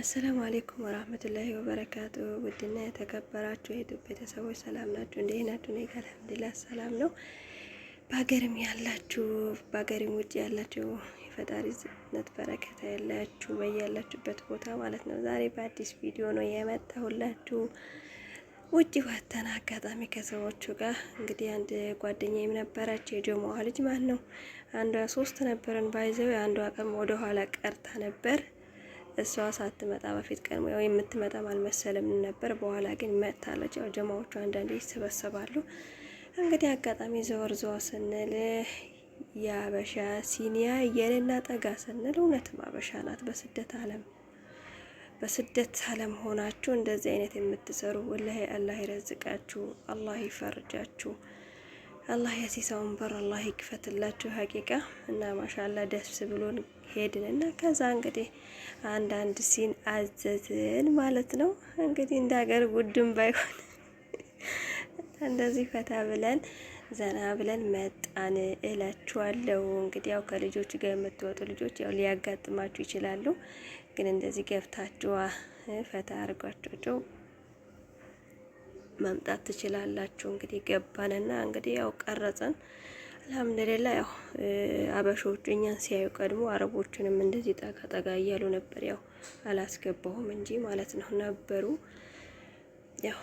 አሰላሙ አሌይኩም ወራህመቱላሂ ወበረካቱ። ውድና የተከበራችሁ የኢትዮጵያ ቤተሰቦች ሰላም ናችሁ? እንዴት ናችሁ? እኔ ጋር አልሐምዱሊላህ ሰላም ነው። በሀገርም ያላችሁ በሀገርም ውጭ ያላችሁ የፈጣሪ ዝነት በረከታ ያላችሁ በያላችሁበት ቦታ ማለት ነው። ዛሬ በአዲስ ቪዲዮ ነው የመጣሁላችሁ። ውጭ ወተን አጋጣሚ ከሰዎቹ ጋር እንግዲህ አንድ ጓደኛዬም ነበረችው የጆማዋ ልጅ ማለት ነው። አንዷ ሶስት ነበረን ባይዘው አንዷ ቀን ወደኋላ ቀርታ ነበር እሷ ሳትመጣ በፊት ቀን ያው የምትመጣም አልመሰለም ነበር። በኋላ ግን መጥታለች። ያው ጀማዎቹ አንዳንዴ ይሰበሰባሉ። እንግዲህ አጋጣሚ ዘወር ዘዋ ስንል የአበሻ ሲኒያ የሌላ ጠጋ ስንል እውነትም አበሻ ናት። በስደት አለም በስደት አለም ሆናችሁ እንደዚህ አይነት የምትሰሩ ወላሂ አላህ ይረዝቃችሁ፣ አላህ ይፈርጃችሁ። አላህ ያሲሳውን በር አላህ ይክፈትላችሁ። ሀቂቃ እና ማሻላ ደስ ብሎን ሄድን እና ከዛ እንግዲህ አንዳንድ ሲን አዘዝን ማለት ነው። እንግዲህ እንደ ሀገር ውድም ባይሆን እንደዚህ ፈታ ብለን ዘና ብለን መጣን እላችኋለሁ። እንግዲህ ያው ከልጆች ጋር የምትወጡ ልጆች ያው ሊያጋጥማችሁ ይችላሉ። ግን እንደዚህ ገብታችኋ ፈታ አድርጓቸው መምጣት ትችላላችሁ። እንግዲህ ገባንና እንግዲህ ያው ቀረጸን። አልሐምዱሊላ ያው አበሾቹ እኛን ሲያዩ ቀድሞ አረቦቹንም እንደዚህ ጠጋ ጠጋ እያሉ ነበር። ያው አላስገባሁም እንጂ ማለት ነው ነበሩ ያው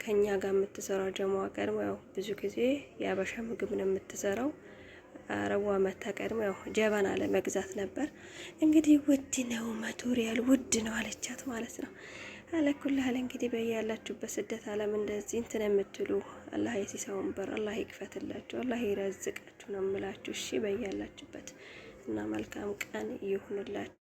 ከኛ ጋር የምትሰራው ጀማዋ ቀድሞ ያው ብዙ ጊዜ የአበሻ ምግብ ነው የምትሰራው። አረቧ መታ ቀድሞ ያው ጀበና ለመግዛት ነበር እንግዲህ ውድ ነው መቶሪያል ውድ ነው አለቻት ማለት ነው። አለኩልህል እንግዲህ በያላችሁበት ስደት ዓለም እንደዚህ እንትን የምትሉ አላህ የሲሳውን በር አላህ ይክፈትላችሁ፣ አላህ ይረዝቃችሁ ነው የምላችሁ። እሺ በያላችሁበት እና መልካም ቀን ይሁንላችሁ።